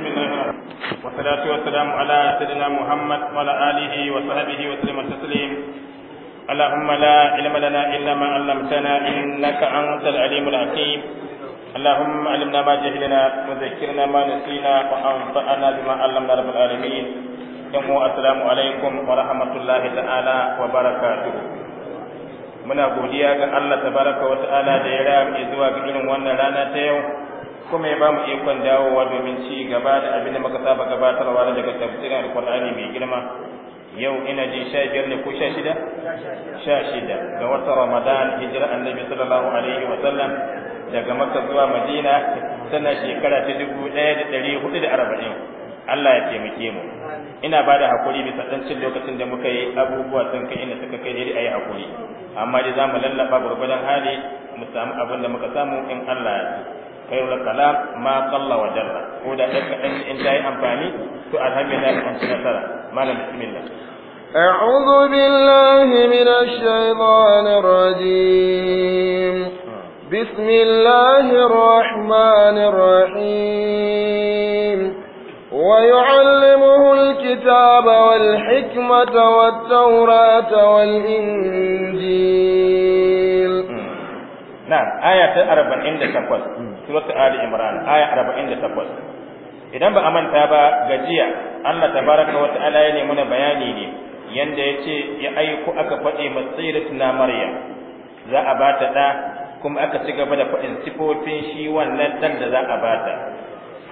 بسم الله الرحمن الرحيم والصلاة والسلام على سيدنا محمد وعلى آله وصحبه وسلم التسليم اللهم لا علم لنا إلا ما علمتنا إنك أنت العليم الحكيم اللهم علمنا ما جهلنا وذكرنا ما نسينا وأنفعنا بما علمنا رب العالمين يوم السلام عليكم ورحمة الله تعالى وبركاته muna godiya ga Allah tabaraka wa ta'ala da ya rami zuwa ga irin wannan rana ta yau kuma ya bamu ikon dawowa domin ci gaba da abin da muka saba gabatarwa na daga tafsirin alkur'ani mai girma yau ina ji sha biyar ne ko sha shida sha shida ga wata ramadan hijira annabi sallallahu alaihi wa sallam daga makka zuwa madina tana shekara ta dubu ɗaya da ɗari hudu da arba'in allah ya taimake mu ina ba da haƙuri bisa ɗancin lokacin da muka yi abubuwa sun kai inda suka kai daidai ayi yi haƙuri amma dai za mu lallaɓa gwargwadon hali mu samu abin da muka samu in allah ya khairul kalam ma qalla wa jalla ko da dan kadan in ta yi amfani to alhamdulillah an ci nasara malam bismillah أعوذ بالله من الشيطان الرجيم بسم الله الرحمن الرحيم ويعلمه الكتاب والحكمة والتوراة والإنجيل نعم آية 48 suratul ali imran aya 48 idan ba a manta ba gajiya Allah tabaraka wa ta'ala ya nemi bayani ne yanda yace ya aiko aka faɗi na maryam za a bata da kuma aka ci gaba da faɗin sifofin shi wannan dan da za a bata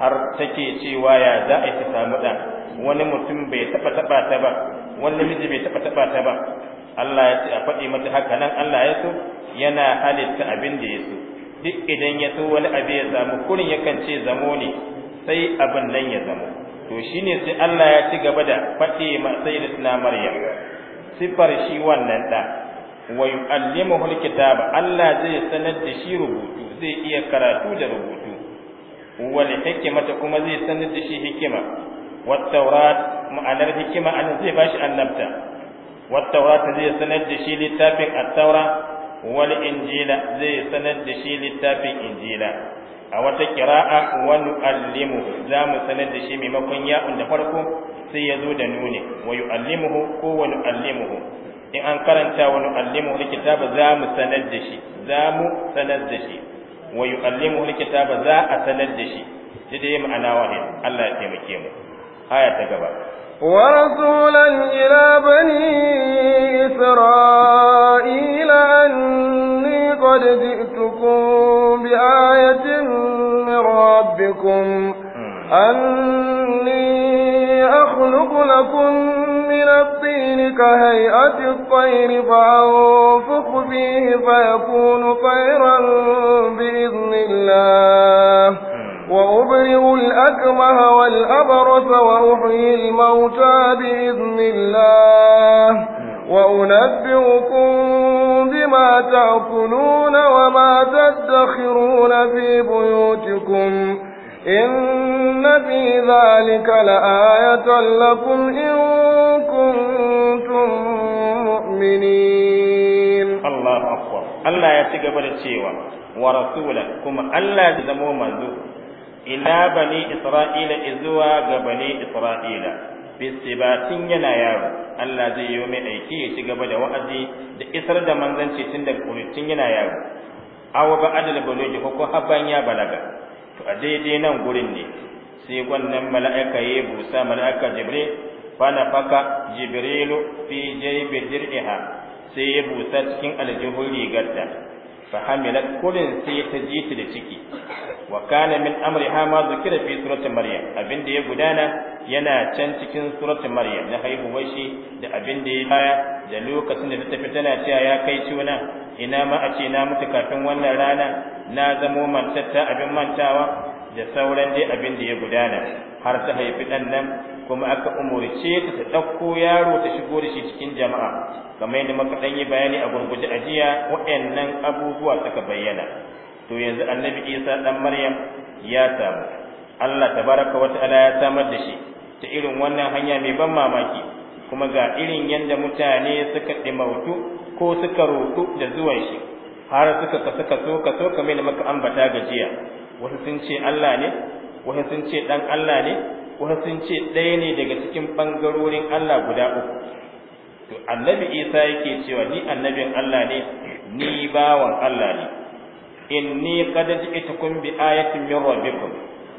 har take cewa ya za a ta samu dan wani mutum bai taba taba ta ba wani miji bai taba taba ta ba Allah ya ce a faɗi mata haka nan Allah ya so yana halitta abin da ya so duk idan ya so wani abu ya samu kurin yakan ce zamo ne sai abin nan ya zamo to shine sai Allah ya ci gaba da faɗi ma sayyidatuna Maryam sifar shi wannan da wa yu'allimuhu alkitaba Allah zai sanar da shi rubutu zai iya karatu da rubutu wal hikmata kuma zai sanar da shi hikima wat tawrat ma'anar hikima an zai bashi annabta wat tawrat zai sanar da shi littafin at-taura Wani injila zai sanar da shi littafin injila a wata kira'a wani allimu za mu sanar da shi maimakon ya'un da farko sai ya zo da nuni wa yu'allimuhu ko wani allimuhu in an karanta wa nu'allimuhu kitaba za mu sanar da shi za mu sanar da shi wa yu'allimuhu kitaba za a sanar da shi dai ma'ana wahid Allah ya taimake mu aya ta gaba ورسولا إلى بني إسرائيل أني قد جئتكم بآية من ربكم أني أخلق لكم من الطين كهيئة الطير فأنفق فيه فيكون طيرا بإذن الله وأبرئ الأكمه والأبرس وأحيي الموتى بإذن الله وأنبئكم بما تأكلون وما تدخرون في بيوتكم إن في ذلك لآية لكم إن كنتم مؤمنين الله أكبر الله يتقبل الشيوة ورسولة كما الله يزمو مزوء ila bani isra'ila izuwa ga bani isra'ila bisibatin yana yaro Allah zai yi mai aiki ya ci gaba da wa'azi da isar da manzanci tun da kuritin yana yaro awa ba adal baloji ko haban ya balaga to a daidai nan gurin ne sai wannan mala'ika ya busa mala'ika jibril fana faka jibrilu fi jaybi dir'iha sai ya busa cikin aljihun rigarta fa hamilat kullin sai ta ji ta da ciki wa kana min ha ma zikira fi surati maryam abin da ya gudana yana can cikin surati maryam na haihuwar shi da abin da ya baya da lokacin da ta tafi tana cewa ya kai ciwona ina ma a ce na mutu kafin wannan rana na zamo mantatta abin mantawa da sauran dai abin da ya gudana har ta haifi dan nan kuma aka umurce ta ta ɗauko yaro ta shigo da shi cikin jama'a kamar yadda muka ɗan yi bayani a gurguje ajiya waɗannan abubuwa suka bayyana to yanzu annabi isa dan maryam ya samu allah tabaraka wa ta'ala ya samar da shi ta irin wannan hanya mai ban mamaki kuma ga irin yanda mutane suka dimautu ko suka roƙo da zuwan shi har suka kasu kaso kaso kamar da muka ambata gajiya wasu sun ce allah ne wasu sun ce dan allah ne wasu sun ce ɗaya ne daga cikin ɓangarorin allah guda uku to annabi isa yake cewa ni annabin allah ne ni bawan allah ne inni qad ji'tukum bi ayatin min rabbikum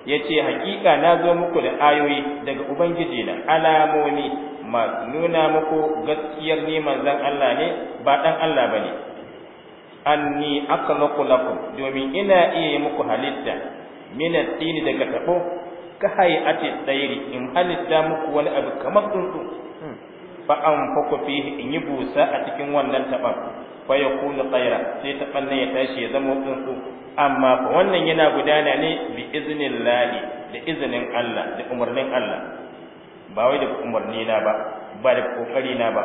yace hakika na zo muku da ayoyi daga ubangiji na alamomi ma nuna muku gaskiyar ni manzon Allah ne ba dan Allah bane anni akhlaqu lakum domin ina iya muku halitta min at-tini daga tabo ka hayati tsairi in halitta muku wani abu kamar tsuntsu fa an faku fihi in yi busa a cikin wannan taɓar fa yakunu tsaira sai ta fanna ya tashi ya zama tsuntsu amma fa wannan yana gudana ne bi iznin da izinin Allah da umarnin Allah ba wai da umarni na ba ba da kokari na ba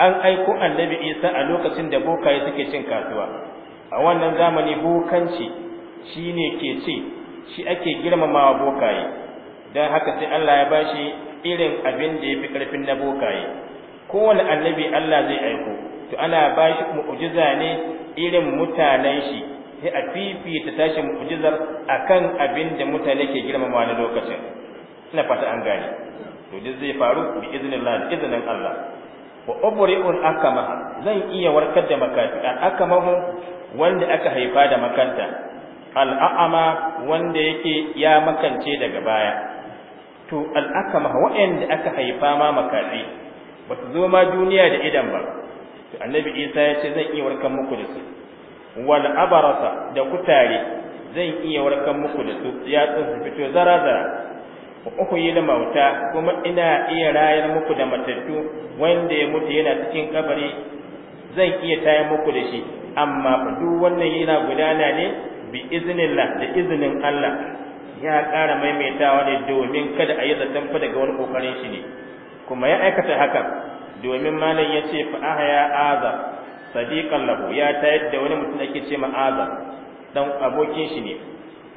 an aiko annabi Isa a lokacin da bokaye suke cin kasuwa a wannan zamani bokanci shine ke ce shi ake girmamawa bokaye dan haka sai Allah ya bashi irin abin da ya fi ƙarfin na bokaye kowane annabi Allah zai aiko to ana ba shi mu'jiza ne irin mutanen shi sai a fifita tashi mu'jizar akan abin da mutane ke girmama na lokacin ina fata an gane to duk zai faru bi iznillah da iznin Allah wa ubri'un akama zan iya warkar da makafi mu wanda aka haifa da makanta al'a'ama wanda yake ya makance daga baya to al'akama waɗanda aka haifa ma makafi ba su zo ma duniya da idan ba annabi isa ya ce zan iya warkar muku da su wal abarasa da kutare zan iya warkar muku da su ya tsinsu fito zara zara uku yi da mauta kuma ina iya rayar muku da matattu wanda ya mutu yana cikin kabari zan iya tayar muku da shi amma duk wannan yana gudana ne bi iznillah da izinin Allah ya ƙara maimaitawa ne domin kada a yi zaton fa daga wani ƙoƙarin shi ne kuma ya aikata haka domin malam ya ce fa aha ya aza, sadiqan lahu ya tayar da wani mutum ake ce ma aza dan abokin shi ne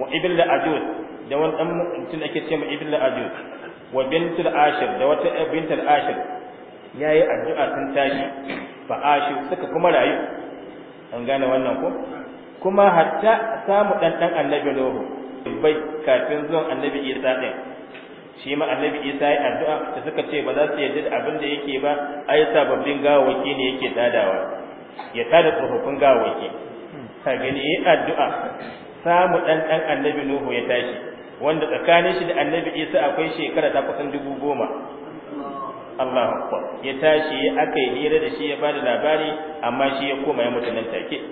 wa ibn ajud da wani dan mutum ake ce ma ibn ajud wa bintul ashir da wata bintul ashir yayi addu'a sun tashi fa ashir suka kuma rayu an gane wannan ko kuma hatta samu dan dan annabi nuhu bai kafin zuwan annabi isa din shi ma annabi isa ya addu'a da suka ce ba za su yarda da abin da yake ba ai sababbin gawawaki ne yake tadawa ya tada tsofaffin gawawaki ka gani yi addu'a samu dan dan annabi nuhu ya tashi wanda tsakanin shi da annabi isa akwai shekara ta kusan dubu goma Allahu akbar ya tashi aka yi hira da shi ya bada labari amma shi ya koma ya mutu nan take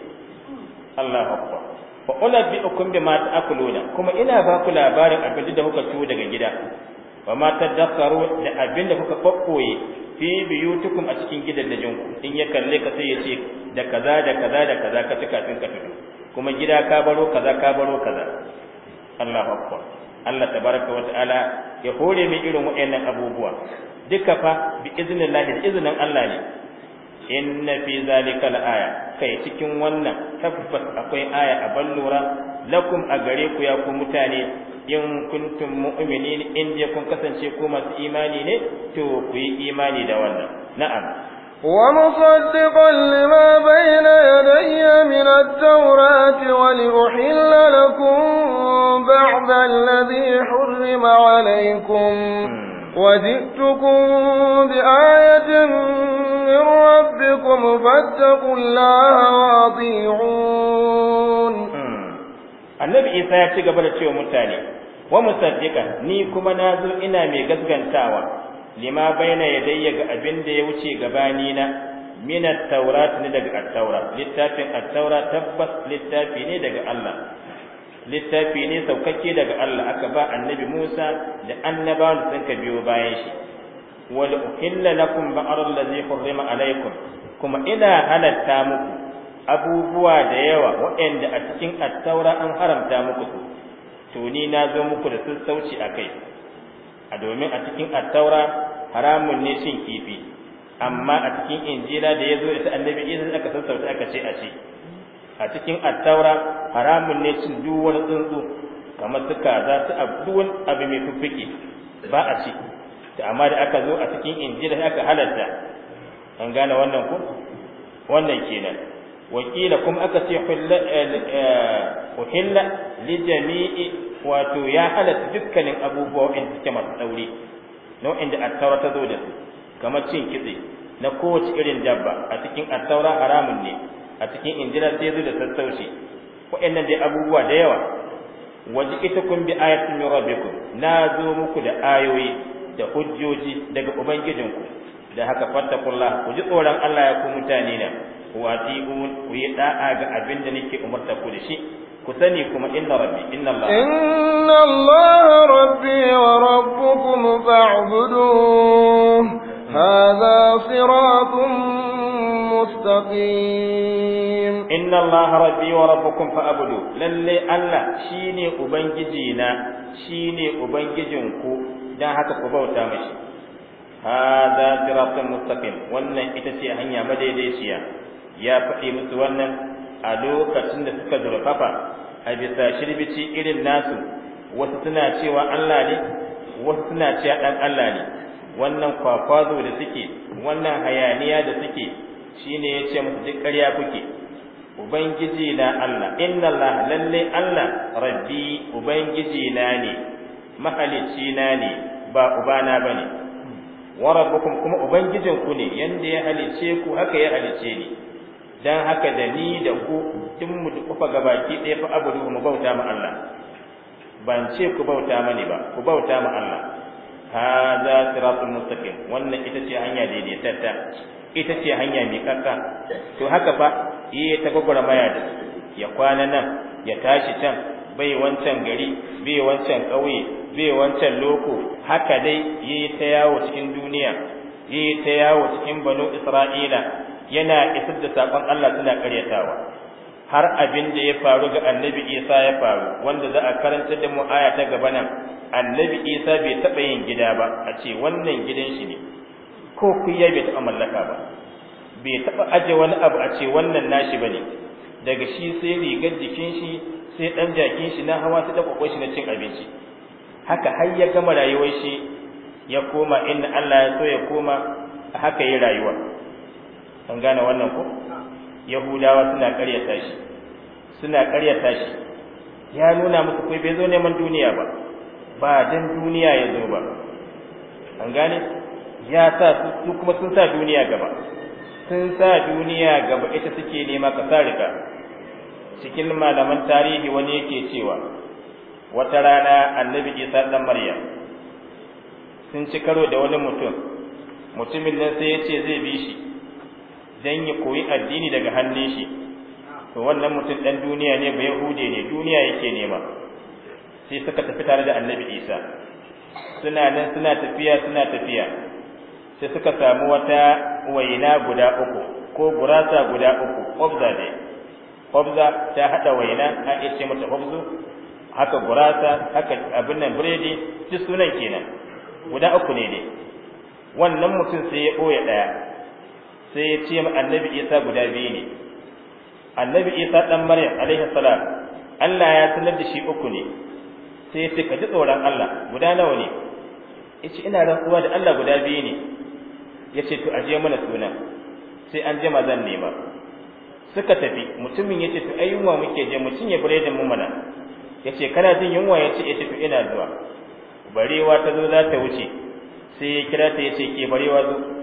Allahu akbar fa ulabbi'ukum bima ta'kuluna kuma ina ba ku labarin abin da kuka ciwo daga gida wa ma tadakkaru da abin da kuka kokkoye fi biyutukum a cikin gidajen ku in ya kalle ka sai ya ce da kaza da kaza da kaza ka ci kafin ka fito kuma gida ka baro kaza ka baro kaza Allahu akbar Allah tabaraka wa ta'ala ya hore mai irin wa'annan abubuwa duka fa bi iznillah da iznin Allah ne inna fi zalika al-aya kai cikin wannan tabbas akwai aya a ballura lakum a gare ku ya ku mutane in kuntum mu'minin in dai kun kasance ku masu imani ne to ku yi imani da wannan na'am wa musaddiqan lima bayna yadayya min at-taurati wa li uhilla lakum ba'da alladhi hurrima alaykum وجئتكم بآية من ربكم فاتقوا الله وأطيعون annabi isa ya ci gaba da cewa mutane wa musaddika ni kuma na zo ina mai gaskantawa lima baina yadayya ga abin da ya wuce gabani na min at-taurat ne daga at-taura littafin at-taura tabbas littafi ne daga Allah littafi ne saukakke daga Allah aka ba annabi Musa da annabawan sun ka biyo bayan shi wal uhilla lakum ba'ar allazi hurrima alaykum kuma ina halatta muku abubuwa da yawa waɗanda a cikin attaura an haramta muku su to ni na zo muku da sassauci a kai a domin a cikin attaura haramun ne cin kifi amma a cikin injila da ya zo da annabi isa aka sassauta aka ce a ce a cikin attaura haramun ne cin duk wani tsuntsu kamar su kaza su abduwan abu mai fuffuki ba a ci ta amma da aka zo a cikin injila aka halarta an gane wannan ku wannan kenan wakila kuma aka ce eh, eh, uhilla li jami'i wato ya halatta dukkanin abubuwa in suke masu daure nau'in da attaura ta zo da su kamar cin kitse na kowace irin dabba a cikin attaura haramun ne a cikin injira sai zo da sassauci wa'annan dai abubuwa da yawa waje ita kun bi ayatin rabbiku na zo muku da ayoyi da hujjoji daga ubangijinku da haka fattakullah ku ji tsoron Allah ya ku mutane na wati'un ku yi da'a ga abin da nake umarta ku da shi ku sani kuma inna rabbi inna Allah inna Allah rabbi wa rabbukum fa'buduhu hadha siratun mustaqim inna Allah rabbi wa rabbukum fa'budu lalle Allah shine ubangiji na shine ubangijin ku dan haka ku bauta mashi hadha siratun mustaqim wannan ita ce hanya madaidaiciya ya faɗi musu wannan a lokacin da suka zurfafa a bisa shirbici irin nasu wasu suna cewa Allah ne wasu suna cewa ɗan Allah ne wannan kwakwazo da suke wannan hayaniya da suke shine ya ce musu duk ƙarya kuke ubangiji na Allah inna Allah lalle Allah rabbi ubangiji na ne mahalicci na ne ba ubana bane wa rabbukum kuma ubangijinku ne yanda ya halice ku haka ya halice ni dan haka da ni da ku duk mu kufa gabaki ɗaya fa abudu mu bauta ma Allah ban ce ku bauta mani ba ku bauta ma Allah hadha siratul mustaqim wannan ita ce hanya daidaitatta ita ce hanya mai kakka to haka fa yi ta gwagwarmaya da ya kwana nan ya tashi can bai wancan gari bai wancan ƙauye bai wancan loko haka dai yi ta yawo cikin duniya yi ta yawo cikin banu isra'ila yana isar da sakon Allah suna karyatawa har abin da ya faru ga annabi Isa ya faru wanda za a karanta da mu'aya ta gaba nan annabi Isa bai taɓa yin gida ba a ce wannan gidan shi ne ko kuya bai taɓa mallaka ba bai taɓa aje wani abu a ce wannan nashi ba ne. daga shi sai rigar jikin shi sai ɗan jakin shi na hawa sai da shi na cin abinci haka har ya gama rayuwar shi ya koma inda Allah ya so ya koma haka yi rayuwa an gane wannan ko yahudawa suna karyata shi suna karyata shi ya nuna musu kai bai zo neman duniya ba ba dan duniya ya zo ba an gane ya sa su kuma sun sa duniya gaba sun sa duniya gaba ita suke nema ka sarika cikin malaman tarihi wani yake cewa wata rana annabi isa dan maryam sun ci karo da wani mutum mutumin nan sai ya ce zai bi shi dan ya koyi addini daga hannun shi to wannan mutum dan duniya ne bai hude ne duniya yake nema sai suka tafi tare da annabi isa suna nan suna tafiya suna tafiya sai suka samu wata waina guda uku ko gurasa guda uku kwabza ne Kwabza ta haɗa waina an iya ce mata ƙwabzu haka gurasa haka abin nan biredi duk sunan kenan guda uku ne ne wannan mutum sai ya ɓoye ɗaya sai ya ce annabi isa guda biyu ne annabi isa dan maryam alaihi salam Allah ya sanar da shi uku ne sai ya ce ka ji tsoron Allah guda nawa ne yace ina rantsuwa da Allah guda biyu ne yace to aje mana suna sai an jima zan nema suka tafi mutumin yace to ai yunwa muke je mu cinye biredin mu mana yace kana jin yunwa yace yace eh, to ina zuwa barewa ta zo za ta wuce sai ya kira ta yace ke barewa zo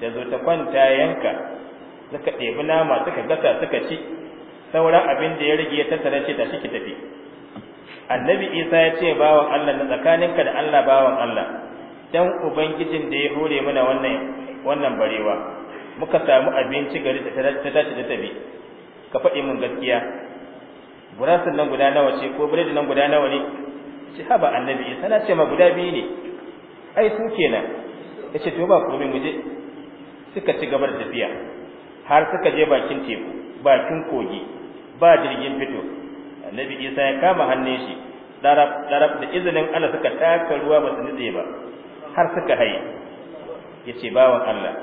ta zo ta kwanta yanka suka ɗebi nama suka gasa suka ci sauran abin da ya rage ta tare ce ta ki tafi annabi isa ya ce bawan allah na tsakaninka da allah bawan allah dan ubangijin da ya hore mana wannan wannan barewa muka samu abinci gari ta tashi ta tafi ka faɗi min gaskiya gurasun nan guda nawa ce ko biredi nan guda nawa ne ce haba annabi isa na ce ma guda biyu ne ai su kenan ya ce to ba komai mu je suka ci gaba da tafiya har suka je bakin teku bakin kogi ba jirgin fito annabi isa ya kama hannun shi darab darab da izinin Allah suka taka ruwa ba su nitse ba har suka haye yace bawan Allah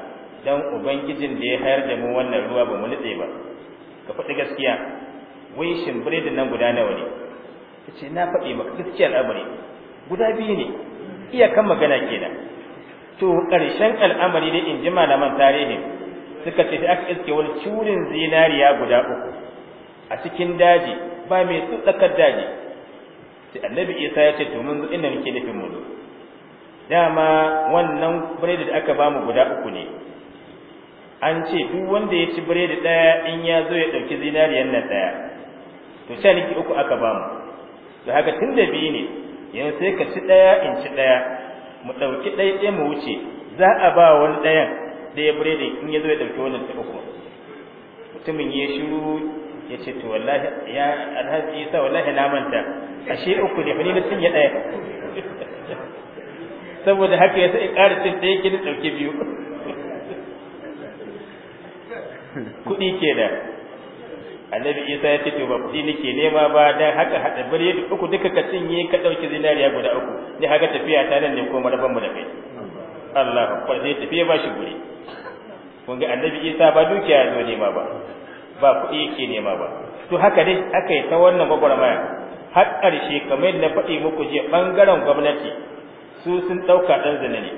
dan ubangijin da ya hayar da mu wannan ruwa ba mu nitse ba ka faɗi gaskiya wai shimbire da nan guda nawa ne yace na faɗi maka gaskiyar al'amari guda biyu ne Iya kan magana kenan to ƙarshen al'amari dai in ji malaman tarihin suka ce sai aka iske wani curin zinariya guda uku a cikin daji ba mai tsakar daji sai annabi isa ya ce to mun inda muke nufin mu dama wannan biredi da aka bamu guda uku ne an ce duk wanda ya ci biredi ɗaya in ya zo ya ɗauki zinariyan nan ɗaya to sha niki uku aka bamu to haka tun da biyu ne yanzu sai ka ci ɗaya in ci ɗaya mu ɗauki ɗaya ɗaya mu wuce za a ba wani ɗayan ɗaya biredin in ya zo ya ɗauki wannan ta uku mutumin ya shiru ya ce to wallahi ya alhaji isa wallahi na manta ashe uku ne ni na ya ɗaya saboda haka ya sai ƙara cin ɗaya ki da ɗauki biyu kuɗi da. annabi isa ya ce to ba kuɗi nake nema ba dan haka hada bari uku duka ka cinye ka dauki zinariya guda uku ni haka tafiya ta nan ne ko marabban mu da kai Allah akbar sai tafiya ba shi guri kun ga annabi isa ba dukiya zo nema ba ba kuɗi yake nema ba to haka dai aka yi ta wannan gwagwarmaya har ƙarshe kamar yadda faɗi muku je ɓangaren gwamnati su sun ɗauka ɗan zina ne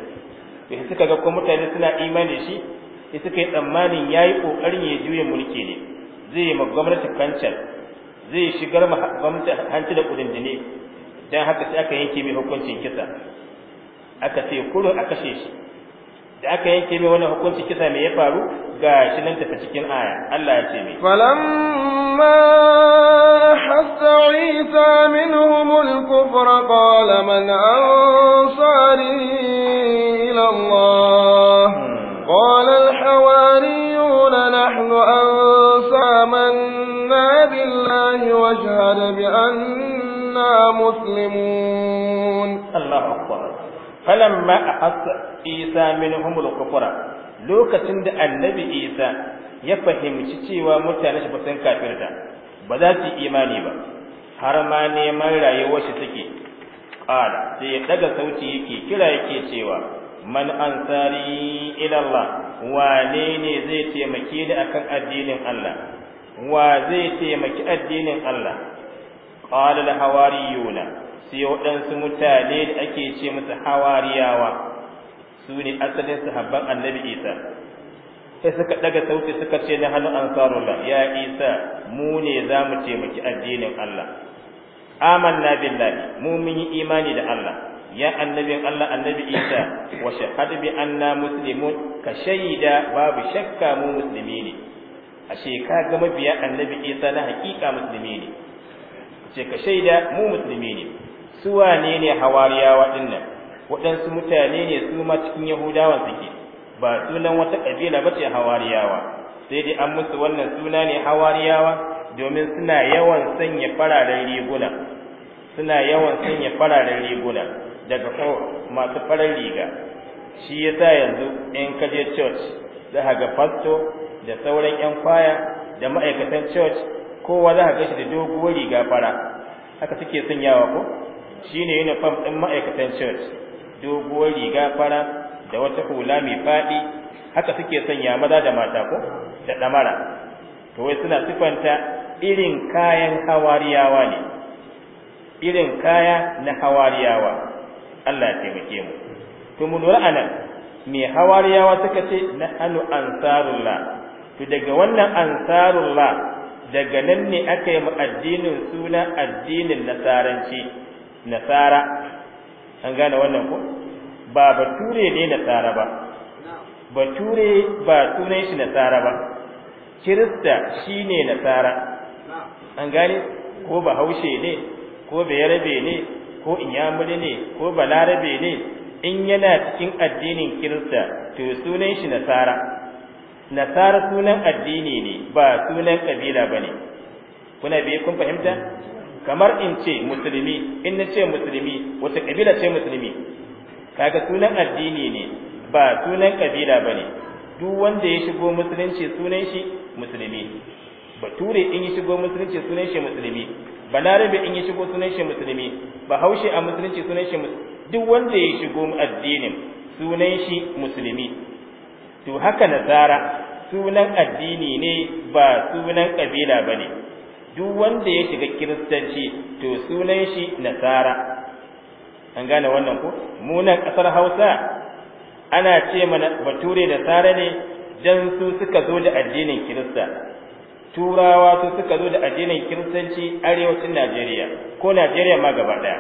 da suka ga ko mutane suna imani shi sai suka yi tsammanin ya yi ƙoƙarin ya juya mulki ne zai ma gwamnati kancan zai shigar ma gwamnati hanci da kudindine dan haka sai aka yanke mai hukuncin kisa aka ce kurun a kashe shi da aka yanke mai wannan hukuncin kisa me ya faru ga shi nan tafi cikin aya Allah ya ce mai falamma hasa isa minhum al-kufra qala man ansari ila Allah hmm. qala al-hawariyun nahnu لله واشهد بأننا مسلمون الله أكبر فلما أحس عيسى منهم الكفر lokacin da annabi isa ya fahimci cewa mutane shi ba sun kafirta ba za yi imani ba har ma neman rayuwar shi take ƙara sai ya daga sauti yake kira yake cewa man ansari ila wane ne zai taimake ni akan addinin Allah wa zai taimaki addinin Allah qala al hawariyuna sai waɗansu mutane da ake ce musu hawariyawa su ne asalin sahabban annabi Isa sai suka daga sauti suka ce na hannun ansarullah ya Isa mu ne za mu taimaki addinin Allah amanna billahi mu mun yi imani da Allah ya annabin Allah annabi Isa wa shahadu bi anna muslimun ka shaida babu shakka mu musulmi ne A ka ga mabiya annabi isa na hakika musulmi ne ce ka shaida mu musulmi ne su wane ne hawariyawa dinnan waɗansu mutane ne su ma cikin yahudawan suke ba sunan wata ƙabila ba ce hawariyawa sai dai an musu wannan suna ne hawariyawa domin suna yawan sanya fararen riguna suna yawan sanya fararen riguna daga ko masu farar riga shi yasa yanzu in ka je church za ga pastor da sauran yan kwaya da ma'aikatan church kowa za ka gashi da doguwar riga fara haka suke sanyawa ko shine uniform din ma'aikatan church doguwar riga fara da wata hula mai faɗi haka suke sanya maza da mata ko da ɗamara to wai suna sifanta irin kayan hawariyawa ne irin kaya na hawariyawa Allah ya taimake mu to mu lura anan me hawariyawa suka ce na anu ansarullah to daga wannan ansarullah daga nan ne aka yi addinin suna addinin nasaranci nasara an gane wannan ko ba bature ne nasara ba bature ba sunan shi nasara ba kirista shine nasara an gane ko bahaushe ne ko yarabe ne ko inyamuri ne ko balarabe ne in yana cikin addinin kirista to sunan shi nasara nasara sunan addini ne ba sunan kabila bane kuna biye kun fahimta kamar in ce musulmi in na ce musulmi wata kabila ce musulmi kaga sunan addini ne ba sunan kabila bane duk wanda ya shigo musulunci sunan shi musulmi bature in ya shigo musulunci sunan shi musulmi balarabe in ya shigo sunan shi musulmi bahaushe a musulunci sunan shi duk wanda ya shigo addinin sunan shi musulmi to haka nasara sunan addini ne ba sunan kabila bane duk wanda ya shiga kiristanci to sunan shi nasara an gane wannan ko mu nan kasar Hausa ana ce mana bature da sare ne dan su suka zo da addinin kirista turawa su suka zo da addinin kiristanci arewacin Najeriya ko Najeriya ma gaba daya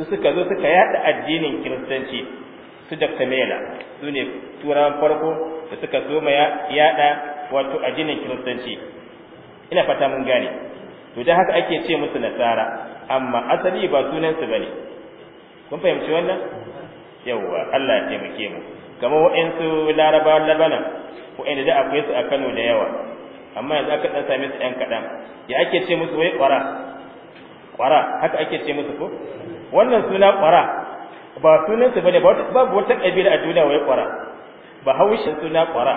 su suka zo suka yada addinin kiristanci su Dr. sune su turawan farko da suka zo ma yada wato addinin kiristanci ina fata mun gane to dan haka ake ce musu nasara amma asali ba sunan su bane kun fahimci wannan yawa Allah ya taimake mu kamar wa'ansu labana labanan inda da akwai su a Kano da yawa amma yanzu aka dan same su ɗan kaɗan ya ake ce musu wai ƙwara ƙwara haka ake ce musu ko wannan suna ƙwara ba sunan su bane babu wata kabila a duniya wai kwara ba haushin suna kwara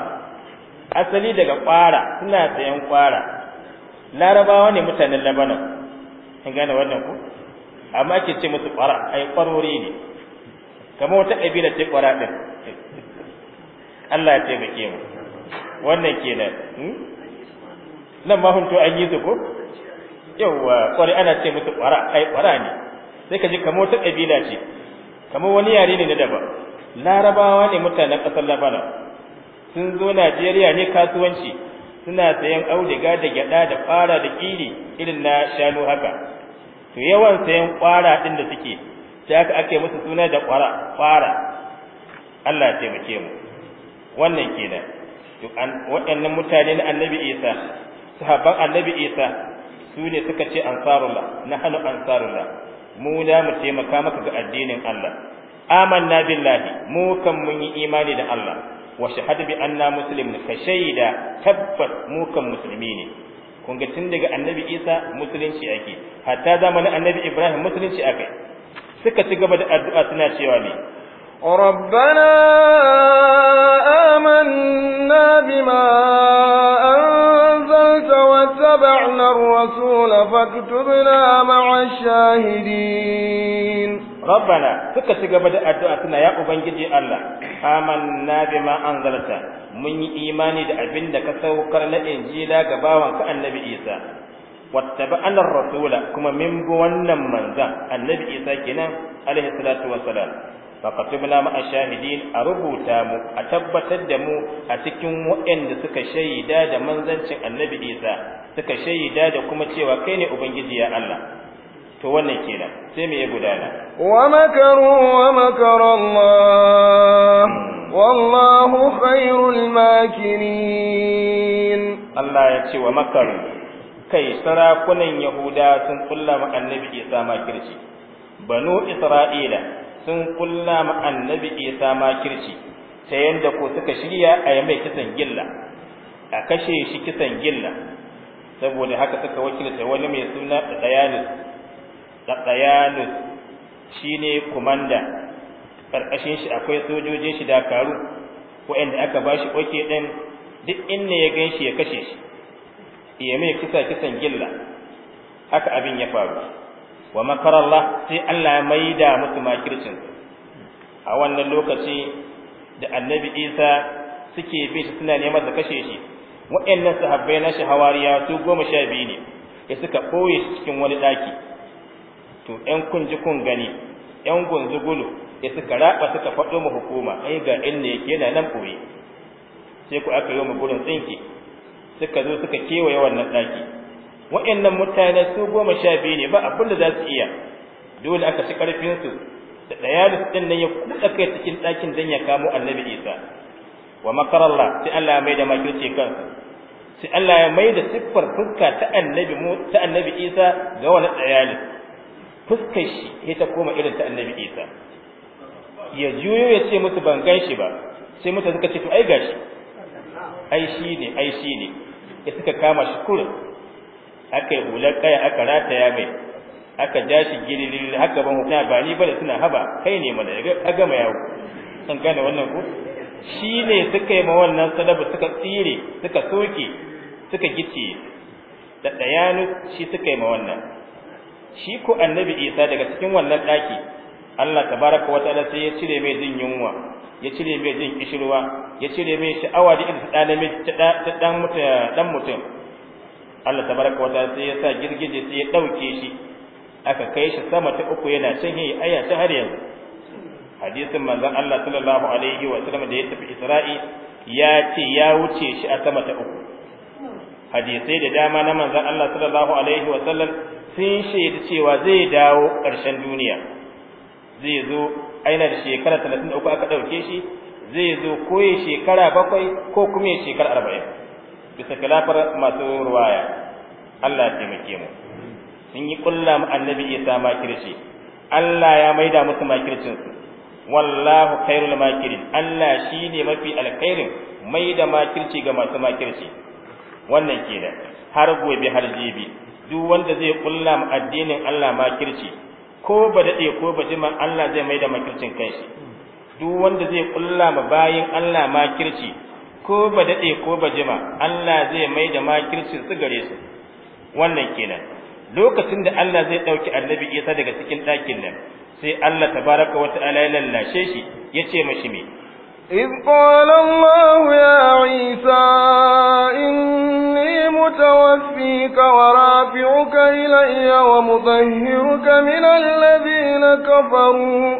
asali daga kwara suna sayan kwara larabawa ne mutanen labanan an gane wannan ku amma ake ce musu kwara ai kwarori ne kamar wata kabila ce kwara din Allah ya taimake mu wannan kenan hmm? nan ma hunto an yi su ko yawa kwari ana ce musu kwara ai kwara ne sai ka ji kamar wata kabila ce kamar wani yare ne na daba larabawa ne mutanen ƙasar labana sun zo najeriya ne kasuwanci suna sayan auduga da gyada da fara da ƙiri irin na shanu haka to yawan sayan ƙwara ɗin da suke sai aka ake musu suna da ƙwara fara Allah ya taimake mu wannan kenan to waɗannan mutane na annabi isa sahabban annabi isa su ne suka ce ansarullah hannu ansarullah mu da mu taimaka maka ga addinin Allah amanna billahi mu kan mun yi imani da Allah wa shahada bi anna muslimun ka shaida tabbat mu kan musulmi ne kun ga tun daga annabi Isa musulunci ake hatta zamanin annabi Ibrahim musulunci akai suka ci gaba da addu'a suna cewa ne ربنا آمنا بما الرسول فاكتبنا مع الشاهدين ربنا suka ci gaba da addu'a suna ya ubangiji Allah amanna bima anzalta mun yi imani da abin da ka saukar na injila ga bawanka annabi Isa wattaba'ana ar-rasula kuma min bi wannan manzan annabi Isa kenan alaihi salatu wassalam faqatibna ma ashahidin a rubuta mu a tabbatar da mu a cikin waɗanda suka shaida da manzancin annabi Isa suka shaida da kuma cewa kai ne ubangiji ya Allah to wannan kenan sai me ya gudana wa makaru wa makara Allah wallahu khairul makirin Allah ya ce wa makaru kai sarakunan Yahuda sun kulla ma annabi Isa makirci banu Isra'ila sun kulla ma annabi Isa kirci. ta yanda ko suka shirya a yi mai kisan gilla a kashe shi kisan gilla saboda haka suka wakilta wani mai suna Dayanus shi shine kumanda. karkashin shi akwai sojojin shi dakaru wa'anda aka bashi oke din duk inda ya ganshi ya kashe shi ya mai kisa kisan gilla haka abin ya faru wa makarallah sai Allah ya maida musu makircin a wannan lokaci da annabi Isa suke bi shi suna neman da kashe shi wa'annan sahabbai na shi hawariya su goma sha biyu ne ya suka ɓoye shi cikin wani ɗaki to ƴan kunji kun gani ƴan gunzugulu ya suka raba suka faɗo ma hukuma ai ga inda yake yana nan ɓoye sai ku aka yi wa gurin tsinki suka zo suka kewaye wannan ɗaki wa'annan mutane su goma sha biyu ne ba abin da za su iya dole aka ci ƙarfinsu da ɗaya da ɗin nan ya kuɗa kai cikin ɗakin don ya kamo annabi isa wa makarallah sai Allah ya maida da makirci kansa sai Allah ya maida da siffar fuska ta annabi mu ta annabi Isa ga wani tsayali fuskar shi sai ta koma irin ta annabi Isa ya juyo ya ce musu ban gan shi ba sai mutu suka ce to ai gashi ai shi ne ai shi ne ya suka kama shi kurin aka yi hular kaya aka rataya mai aka ja shi gililil haka ban hukuna ba ni ba da suna haba kai ne mana ya gama yawo Sun gane wannan ku shi ne suka yi ma wannan suka tsire suka soke suka gice da ɗayanu shi suka yi ma wannan shi ko annabi isa daga cikin wannan ɗaki Allah tabaraka wata ta'ala sai ya cire mai jin yunwa ya cire mai jin kishirwa ya cire mai sha'awa da irin ta namiji mutum Allah tabaraka baraka wata sai ya sa girgije sai ya ɗauke shi aka kai shi sama ta uku yana can yi aya ta har yanzu hadisin manzon Allah sallallahu alaihi wa sallam da ya tafi Isra'i ya ce ya wuce shi a sama ta uku hadisai da dama na manzon Allah sallallahu alaihi wa sallam sun shaida cewa zai dawo ƙarshen duniya zai zo aina da shekara 33 aka dauke shi zai zo ko ya shekara bakwai ko kuma ya shekara arba'in bisa kalafar masu ruwaya Allah ya taimake mu sun yi kulla mu ya Isa makirci Allah ya maida musu makircin su wallahu khairul makirin Allah shine mafi alkhairin mai da makirci ga masu makirci wannan kenan har gobe har jibi duk wanda zai kulla mu addinin Allah makirci ko ba dade ko ba jima Allah zai mai da makircin kai shi duk wanda zai kulla mu bayin Allah makirci ko ba dade ko ba jima Allah zai mai da makircin su gare su wannan kenan lokacin da Allah zai dauki annabi Isa daga cikin ɗakin nan sai Allah tabaraka wa ta'ala ya lallashe shi yace mashi me إذ قال الله يا عيسى إني متوفيك ورافعك إلي ومطهرك من الذين كفروا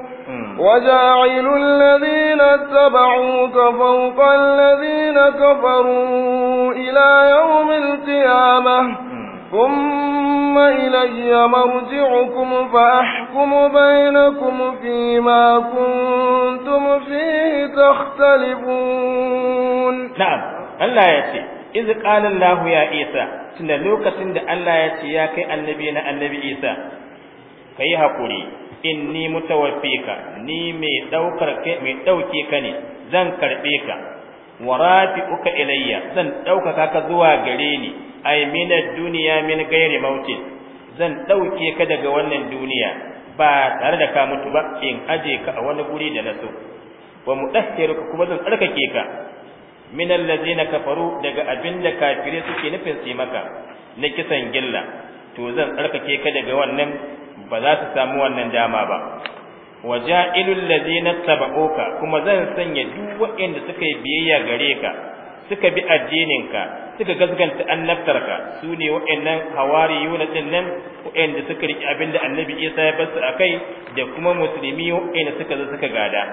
وجاعل الذين اتبعوك فوق الذين كفروا إلى يوم القيامة ثم إلي مرجعكم فأحكم بينكم فيما كنتم فيه تختلفون نعم الله يأتي إذ قال الله يا إيسى تنا لوكسن ده الله يأتي يا كي النبينا النبي إيسى فيها قولي إني متوفيك ني مي دوكر كي مي دوكي كني زنكر بيك wa uka ilayya zan ɗaukaka ka zuwa gare ni ay min ad-dunya min ghairi mautin zan ɗauke ka daga wannan duniya ba tare da ka mutu ba in aje ka a wani guri da na so wa mudahhiruka kuma zan tsarkake ka min allazina kafaru daga abinda kafire suke nufin sai maka na kisan gilla to zan tsarkake ka daga wannan ba za su samu wannan dama ba wa ja'ilul ladina tabauka kuma zan sanya duk waɗanda suka yi biyayya gare ka suka bi addinin ka, suka gaskanta annabtarka sune ne waɗannan hawariyuna din nan waɗanda suka riki abinda annabi Isa ya basu akai da kuma musulmi waɗanda suka zo suka gada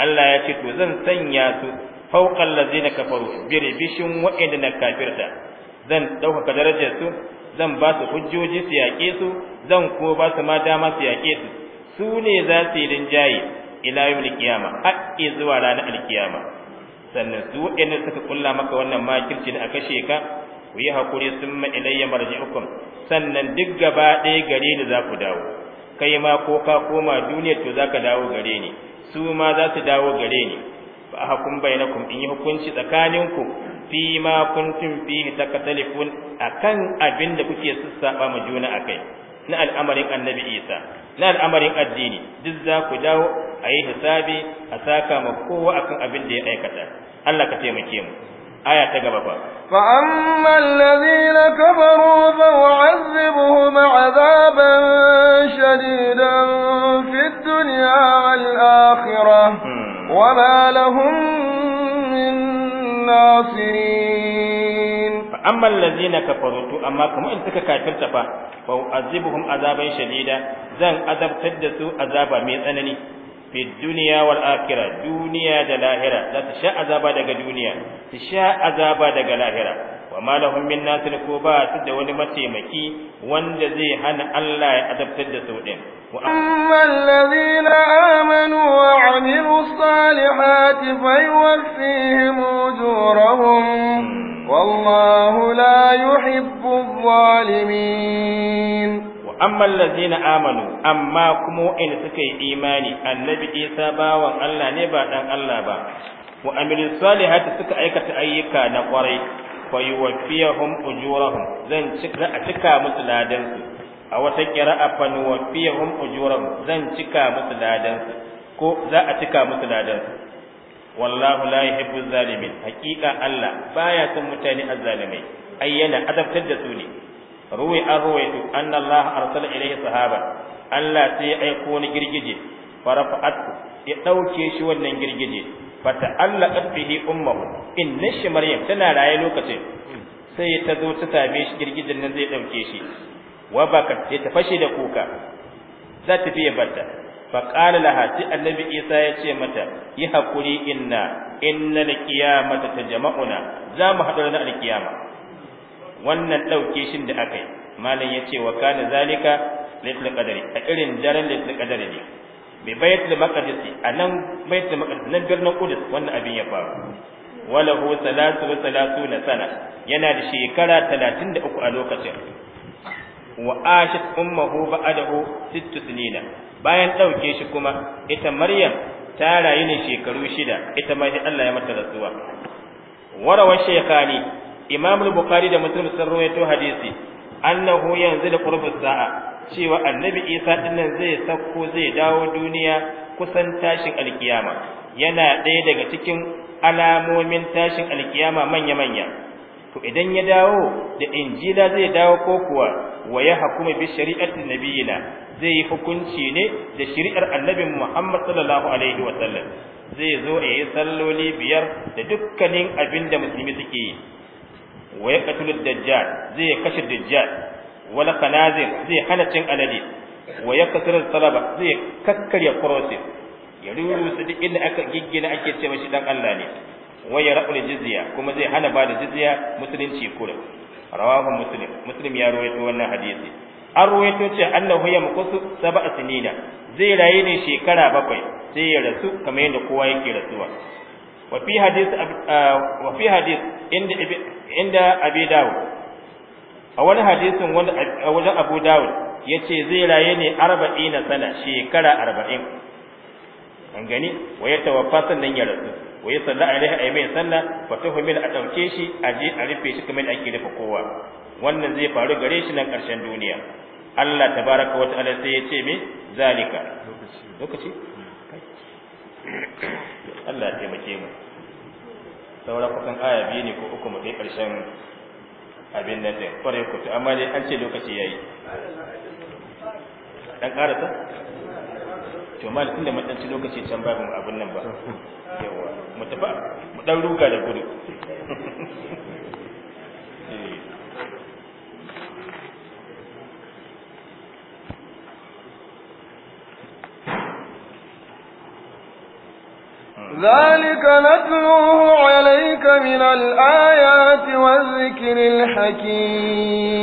Allah ya ce to zan sanya su fawqal ladina kafaru bi ribishin waɗanda na kafirta zan ɗaukaka darajar su zan ba su hujjoji su yaƙe su zan ko ba su ma dama su yaƙe su su ne za su yi rinjaye ila yawmil kiyama har zuwa ranar alkiyama sannan su waɗanda suka kulla maka wannan makirci da aka sheka ku yi hakuri ma ilayya marji'ukum sannan duk gaba ɗaya gare ni za ku dawo kai ma ko ka koma duniya to za ka dawo gare ni su ma za su dawo gare ni fa hakun bainakum in yi hukunci tsakaninku fi ma kuntum fihi takatalifun akan abin da kuke sassaba ma juna a kai. na al'amarin annabi Isa na al'amarin addini duk za ku dawo a yi hisabi a saka ma kowa akan abin da ya aikata Allah ka taimake mu aya ta gaba ba. fa amma alladhina kafaru fa u'azzibuhum 'adaban shadidan fid dunya wal akhirah hmm. wa ma lahum min nasirin amma allazina kafaru to amma kamar in suka kafirta fa fa azibuhum azaban zan azabtar da su azaba mai tsanani fi dunya wal duniya da lahira za ta sha azaba daga duniya ta sha azaba daga lahira wa ma lahum ko ba su da wani mataimaki wanda zai hana Allah ya azabtar da su din wa ammal ladina amanu wa amilus salihati fa yuwaffihim ujurahum hmm. والله لا يحب الظالمين وأما الذين آمنوا أما كمو إن سكي إيماني النبي إيسى باوان الله نبا دان الله با وأمل الصالحات سكي أيكة أيكا نقري فيوفيهم أجورهم زن شكرا أتكا مسلادن a wata ƙira'a fa nuwafiyahum ujurahum zan cika musu ladan ko za a cika musu ladan wallahu la yuhibbu zalimin haqiqa Allah baya son mutane azzalimai ai yana adabtar da su ne ruwi an ruwaitu anna Allah arsala ilayhi sahaba Allah sai ya aiko wani girgije farafa'atu ya dauke shi wannan girgije fata Allah bihi ummuhu inna shi maryam tana raye lokacin sai ta zo ta same shi girgijin nan zai dauke shi wa bakat sai ta fashe da kuka za ta fiye barta faqala laha sai annabi isa ya ce mata yi hakuri inna inna ta jama'una, za mu haɗu ranar alkiyama wannan ɗauke shin da aka yi malam ya ce wa kana zalika laitul qadari a irin daren laitul qadari ne bi baitul maqdis anan baitul maqdis nan birnin qudus wannan abin ya faru wala salatu 33 sana yana da shekara 33 a lokacin wa ashat ummuhu ba'dahu sitt sinina bayan dauke shi kuma ita maryam ta rayu ne shekaru shida ita ma sai Allah ya mata rasuwa warawa shaykhani imam al-bukhari da muslim sun rawaito hadisi annahu yanzu da qurbus sa'a cewa annabi isa dinnan zai sakko zai dawo duniya kusan tashin alkiyama yana ɗaya daga cikin alamomin tashin alkiyama manya-manya to idan ya dawo da injila zai dawo ko kuwa wa ya hukuma bi shari'ati nabiyina zai yi hukunci ne da shari'ar annabin Muhammad sallallahu alaihi wa sallam zai zo a yi salloli biyar da dukkanin abinda da musulmi suke yi wa ya dajjal zai kashe dajjal wala qanazir zai hana cin alade wa ya kasara zai kakkarya kurosin ya ruru su duk inda aka giggina ake ce mashi dan Allah ne waya yarqul jizya kuma zai hana ba da jizya musulunci kura rawahu muslim muslim ya rawaito wannan hadisi an rawaito ce annahu mukusu sab'a sinina zai rayu ne shekara bakwai sai ya rasu kamar yadda kowa yake rasuwa wa fi hadith uh, wa fi hadith inda inda abi dawud a wani hadisin wanda wajen abu ya yace zai rayu ne 40 sana shekara 40 an gani wa ya nan sannan ya rasu wa ya salla alaihi ay mai salla fa tuhmil a dauke shi a je a rufe shi kamar ake rufe kowa wannan zai faru gare shi nan karshen duniya Allah tabaraka wa ta'ala sai ya ce me zalika lokaci Allah ya taimake mu saura kusan aya biyu ne ko uku mu kai karshen abin nan din kware ku amma dai an ce lokaci yayi dan karata to mal tunda mun lokaci can babu abin nan ba yawa mutafa mu dan ruga da gudu ذلك نتلوه عليك من الآيات والذكر الحكيم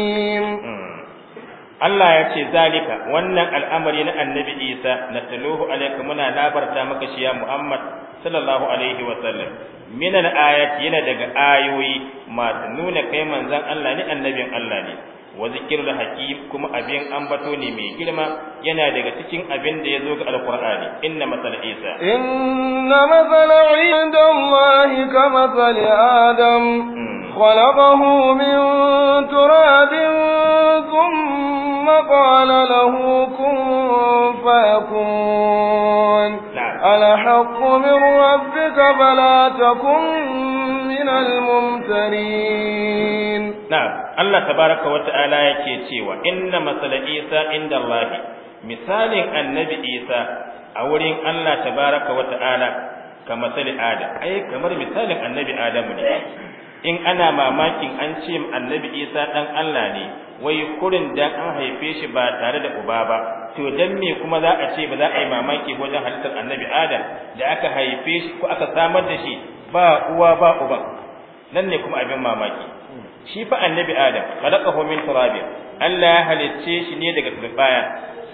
Allah ya ce zalika wannan al'amari na annabi Isa na taluhu alaika muna labarta maka shi ya Muhammad sallallahu alaihi wa sallam ayat yana daga ayoyi masu nuna kai manzon Allah ne annabin Allah ne wa zikirul hakim kuma abin ambato ne mai girma yana daga cikin abin da ya zo ga Alƙur'ani inna masal isa inna masal inda Allah ka masal adam خلقه من تراب ثم فقال له كن فيكون الحق من ربك فلا تكن من الممترين نعم الله تبارك وتعالى yake cewa inna masala Isa inda Allah misalin annabi Isa a wurin Allah tabaraka wa ta'ala ka masali Adam ai kamar misalin annabi Adamu ne in ana mamakin an ce annabi isa dan Allah ne wai kurin dan an haife shi ba tare da uba ba to dan me kuma za a ce ba za a yi mamaki wajen halittar annabi adam da aka haife shi ko aka samar da shi ba uwa ba uba nan ne kuma abin mamaki shi fa annabi adam khalaqahu min turab Allah ya halicce shi ne daga turbaya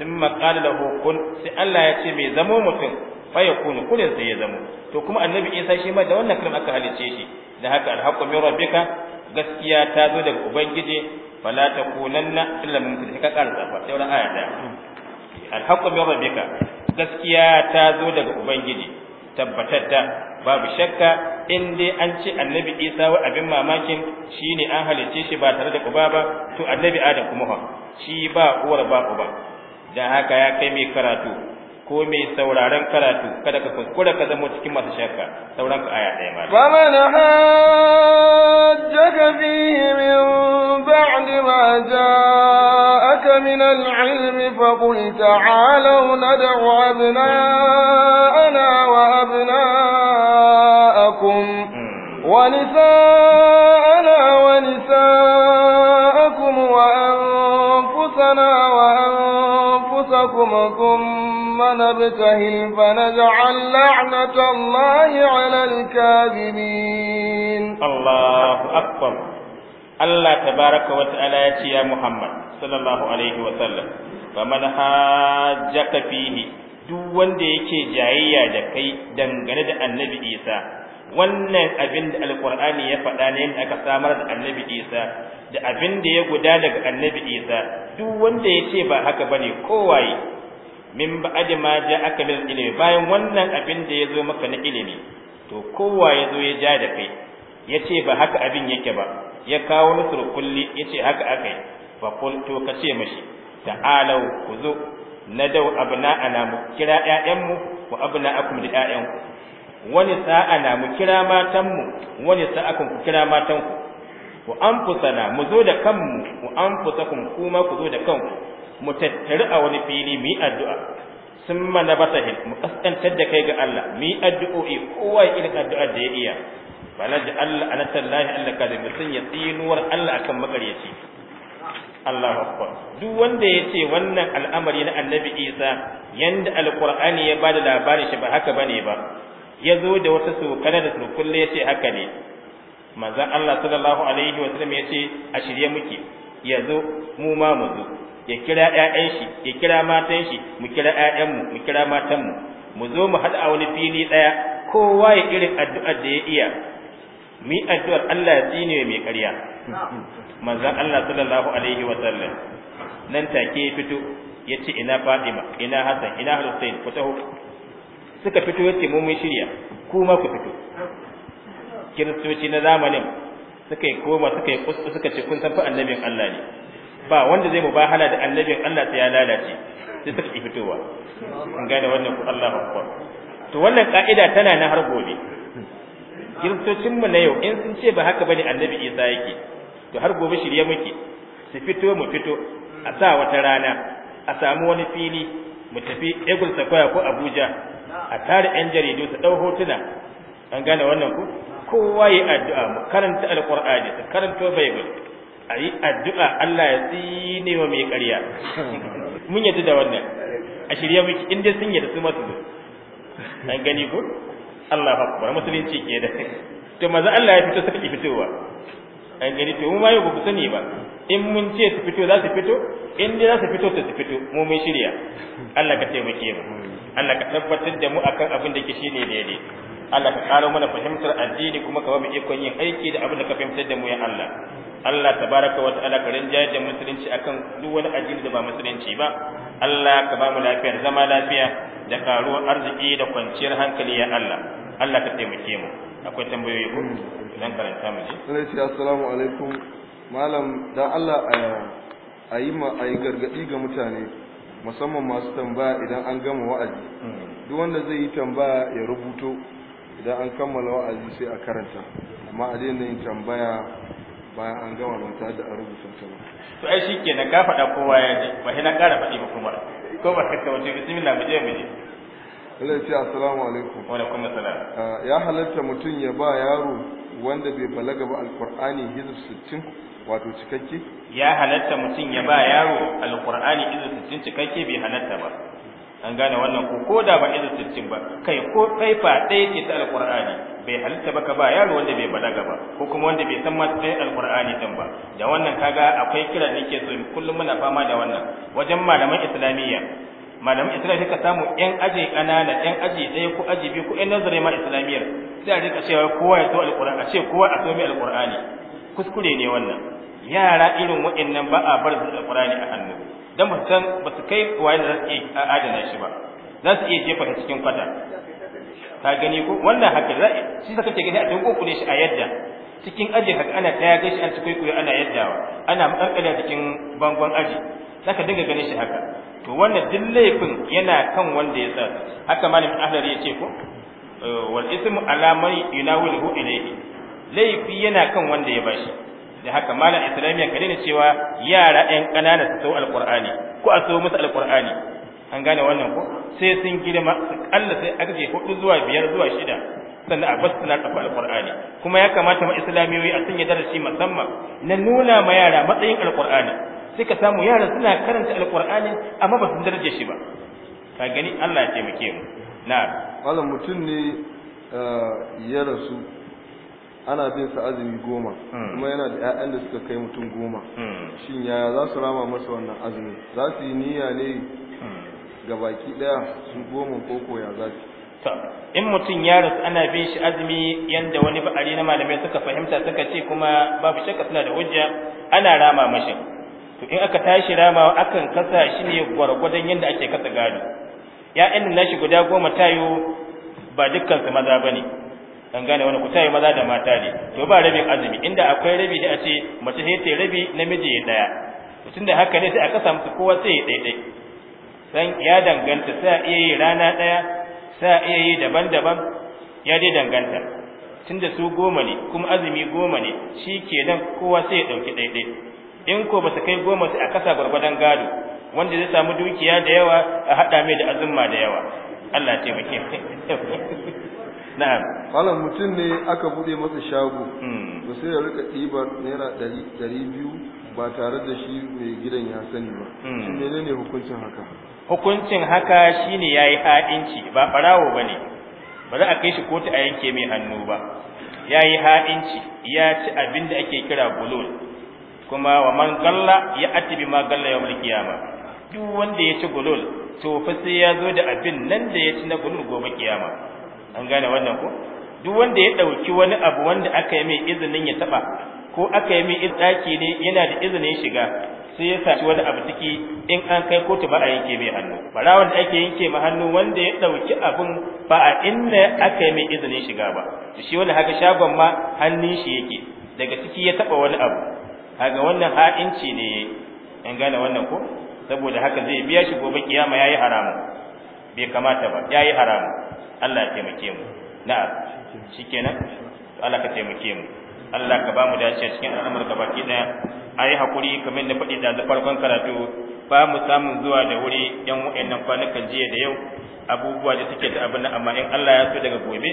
sun qala lahu kun sai Allah ya ce me zamo mutum fa yakunu kullun sai ya zamo to kuma annabi isa shi ma da wannan kalma aka halicce shi da haka alhaqqu min rabbika gaskiya ta zo daga ubangiji fala takunanna illa min kulli ka karanta sai wannan aya da alhaqqu min rabbika gaskiya ta zo daga ubangiji tabbatar da babu shakka in dai an ce annabi isa wa abin mamakin shine an halice shi ba tare da uba ba to annabi adam kuma fa shi ba uwar ba uba dan haka ya kai mai karatu ko mai sauraron karatu kada ka kuskura ka zama cikin masu shakka sauran ka aya ɗaya ma fa man hajjaka fihi min ba'di ma ja'aka min al-ilmi fa qul ta'alu nad'u abna'a نبتهل فنجعل لعنة الله على الكاذبين الله أكبر الله تبارك وتعالى يا محمد صلى الله عليه وسلم فمن حاجك فيه duk wanda yake jayayya da kai dangane da annabi isa wannan abin da alkur'ani ya faɗa ne yadda aka samar da annabi isa da abin da ya guda daga annabi isa duk wanda ya ce ba haka bane kowaye min ba'ad ma ja'aka min ilmi bayan wannan abin da yazo maka na ilimi to kowa yazo ya ja da kai yace ba haka abin yake ba ya kawo nusur kulli yace haka akai fa qul to kace mashi ta'alu kuzu nadau abna'ana mu kira ƴaƴan mu wa abna'akum da ƴaƴan ku wani sa'ana mu kira matan mu wani sa'akum ku kira matan ku ku anfusana mu zo da kanmu ku anfusakum kuma ku zo da kanku mu tattaru a wani fili mu yi addu'a sun mana bata mu kaskantar da kai ga Allah mu yi addu'o'i kowa ya irin addu'ar da ya iya bala da Allah ana tallahi Allah ka da mutum ya tsinuwar Allah akan makaryaci Allah akbar duk wanda ya ce wannan al'amari na Annabi Isa yanda alqur'ani ya bada labarin shi ba haka bane ba ya zo da wata sokana da sokulle ya ce haka ne manzon Allah sallallahu alaihi wa sallam ya ce a shirye muke ya zo mu ma mu zo ya kira ƴaƴan shi ya kira matan shi mu kira ƴaƴan mu mu kira matan mu mu zo mu hada a wani fili daya kowa ya irin addu'ar da ya iya mi yi addu'ar Allah ya tsine mai ƙarya manzon Allah sallallahu alaihi wa sallam nan take ya fito ya ce ina Fatima ina Hassan ina Hussein ku taho suka fito yace mu mun shirya ku ma ku fito kiristoci na zamanin suka yi koma suka yi kusa suka ce kun san fa annabin Allah ne ba wanda zai mubahala da annabin Allah sai ya lalace sai suka ki fitowa kun gane wannan ku Allah akbar to wannan ka'ida tana na har gobe kiristocin mu na yau in sun ce ba haka bane annabi Isa yake to har gobe shirye muke su fito mu fito a sa wata rana a samu wani fili mu tafi Egul Sakwaya ko Abuja a tare yan jaridu su dau hotuna an gane wannan ku kowa ya addu'a mu karanta alqur'ani karanta bible a yi addu'a Allah ya tsine wa mai ƙarya mun yadda da wannan a shirya miki inda sun yadda su masu zo an gani ko Allah fa kuma musulunci ke da to maza Allah ya fito saka fitowa an gani to mu ma yau ba sani ba in mun ce su fito za su fito in dai za su fito ta su fito mu mai shirya Allah ka taimake mu Allah ka tabbatar da mu akan abin da ke shine daidai Allah ka karo mana fahimtar addini kuma ka ba mu ikon yin aiki da abin da ka fahimtar da mu ya Allah Allah tabaraka wa ta'ala ka rinjaye da musulunci akan duk wani addini da ba musulunci ba Allah ka ba mu lafiyar zama lafiya da karuwar arziki da kwanciyar hankali ya Allah Allah ka taimake mu akwai tambayoyi ko Zan karanta mu ji sai assalamu alaikum malam dan Allah a yi ma ayi gargadi ga mutane musamman masu tambaya idan an gama wa'azi hmm. duk wanda zai yi tambaya ya rubuto idan an kammala wa'azi sai a karanta amma a daina yin tambaya bayan an gama ban ta da a rubuta ta to ai kenan ka faɗa kowa ya ji ba sai na ƙara faɗi ba kuma ko ba kaka wato bismillah mu je mu je Allah ya ce assalamu alaikum wa alaikum assalam ah, ya halatta mutum ya ba yaro wanda bai balaga ba alqur'ani hizb 60 wato cikakke ya halatta mutum ya ba yaro alqur'ani hizb 60 cikakke bai halatta ba an gane wannan ko ko da ba izu sittin ba kai ko faifa ɗaya ke ta alƙur'ani bai halitta ba ka ba yaro wanda bai balaga ba ko kuma wanda bai san ma sai alƙur'ani din ba da wannan kaga akwai kira da ke so kullum muna fama da wannan wajen malaman islamiyya malaman islamiyya ka samu yan aji kanana yan aji ɗaya ko aji biyu ko yan nazari ma islamiyyar sai a rika cewa kowa ya so alƙur'ani a ce kowa a so mai alƙur'ani kuskure ne wannan yara irin waɗannan ba a bar su a hannu dan ba san ba su kai waye da za a adana shi ba za su iya jefa ta cikin kwata ka gani ko wannan haka shi saka ce gani a cikin kokune shi a yadda cikin aji haka ana taya shi an cikin kuyu ana yaddawa ana makankala cikin bangon aji zaka dinga ganin shi haka to wannan duk laifin yana kan wanda ya tsara haka malamin ahlar ya ce ko eh, wal ismu ala yunawilu ilayhi laifi yana kan wanda ya bashi da haka malam islamiya ka daina cewa yara ɗan ƙanana su sau alƙur'ani ko a sau musu alƙur'ani an gane wannan ko sai sun girma su ƙalla sai aka ce hudu zuwa biyar zuwa shida sannan a basu suna ɗafa alƙur'ani kuma ya kamata ma islamiyoyi a sanya darasi musamman na nuna ma yara matsayin alƙur'ani sai ka samu yara suna karanta alƙur'ani amma ba su daraja shi ba ka gani Allah ya taimake mu na'am malam mutum ne eh, ya rasu ana bin sa azumi goma hmm. kuma yana da ƴaƴan da suka kai mutum goma hmm. shin yaya za su rama masa wannan azumi za su yi niyya ne hmm. ga baki ɗaya su goma ko koya za su in mutum ya rasu ana bin shi azumi yanda wani ba'ari na malamai suka fahimta suka ce kuma babu shakka suna da hujja ana rama mashi to in aka tashi ramawa akan kasa shi ne gwargwadon yanda ake kasa gado ya'yan nan nashi guda goma tayo ba dukkan su maza bane dan gane wani ku tayi maza da mata ne to ba rabin azumi inda akwai rabi da a ce mace sai ta rabi namiji ya daya tunda da haka ne sai a kasa musu kowa sai ya dai dan ya danganta sai iya yi rana daya sai iya yi daban-daban ya dai danganta tunda su goma ne kuma azumi goma ne shi kenan kowa sai ya dauki dai in ko ba su kai goma sai a kasa gwargwadon gado wanda zai samu dukiya da yawa a hada mai da azumma da yawa Allah ya taimake na'am Wannan mutum ne aka bude masa shago hmm. to sai ya rika ɗibar naira 200 ba tare da shi mai gidan ya sani ba hmm. shi menene hukuncin haka hukuncin haka shine yayi ha'inci ba barawo bane ba za a kai shi kotu a yanke mai hannu ba yayi ha'inci ya ci abin da ake kira bulul kuma wa man galla ya atibi ma galla yawmul qiyama duk wanda ya ci gulul to fa sai ya zo da abin nan da ya ci na gulul gobe kiyama an gane wannan ko duk wanda ya ɗauki wani abu wanda aka yi mai izinin ya taɓa ko aka yi mai ɗaki ne yana da izinin shiga sai ya saci wani abu ciki in an kai kotu ba a yanke mai hannu barawon da ake yanke mai hannu wanda ya ɗauki abun ba a inda aka yi mai izinin shiga ba shi wani haka shagon ma hannun shi yake daga ciki ya taɓa wani abu haka wannan ha'inci ne an gane wannan ko saboda haka zai biya shi gobe kiyama yayi haramun bai kamata ba yi haram Allah ya taimake mu na'am shikenan to Allah ka taimake mu Allah ka ba mu dace cikin al'amur ka baki daya ayi hakuri kamar na faɗi da farkon karatu ba mu samu zuwa da wuri yan wayannan kwanukan jiya da yau abubuwa da suke da abin amma in Allah ya so daga gobe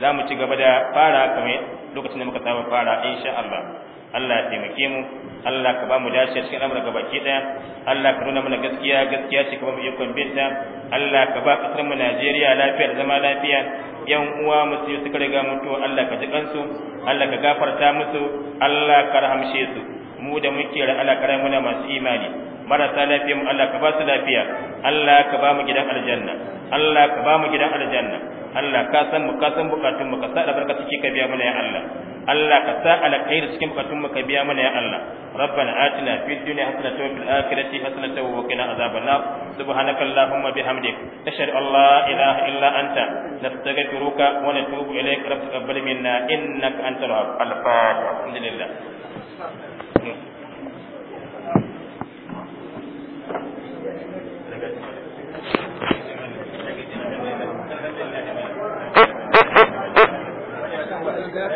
za mu ci gaba da fara kamar lokacin da muka saba fara insha Allah Allah ya taimake mu Allah ka ba mu dace cikin amurka ga baki daya Allah ka nuna mana gaskiya gaskiya ce kuma mu ikon binta Allah ka ba kasar mu Najeriya lafiya da zama lafiya yan uwa musu suka riga mutuwa Allah ka ji kansu Allah ka gafarta musu Allah ka rahamshe su mu da muke da karai muna masu imani marasa lafiya mu Allah ka ba su lafiya Allah ka ba mu gidan aljanna Allah ka ba mu gidan aljanna Allah ka san mu ka san bukatun mu ka sa albarka cikin ka biya mana ya Allah Allah ka sa cikin bukatun mu ka biya mana ya Allah rabbana atina fid dunya hasanatan wa fil akhirati hasanatan wa qina azaban nar subhanaka allahumma bihamdik that.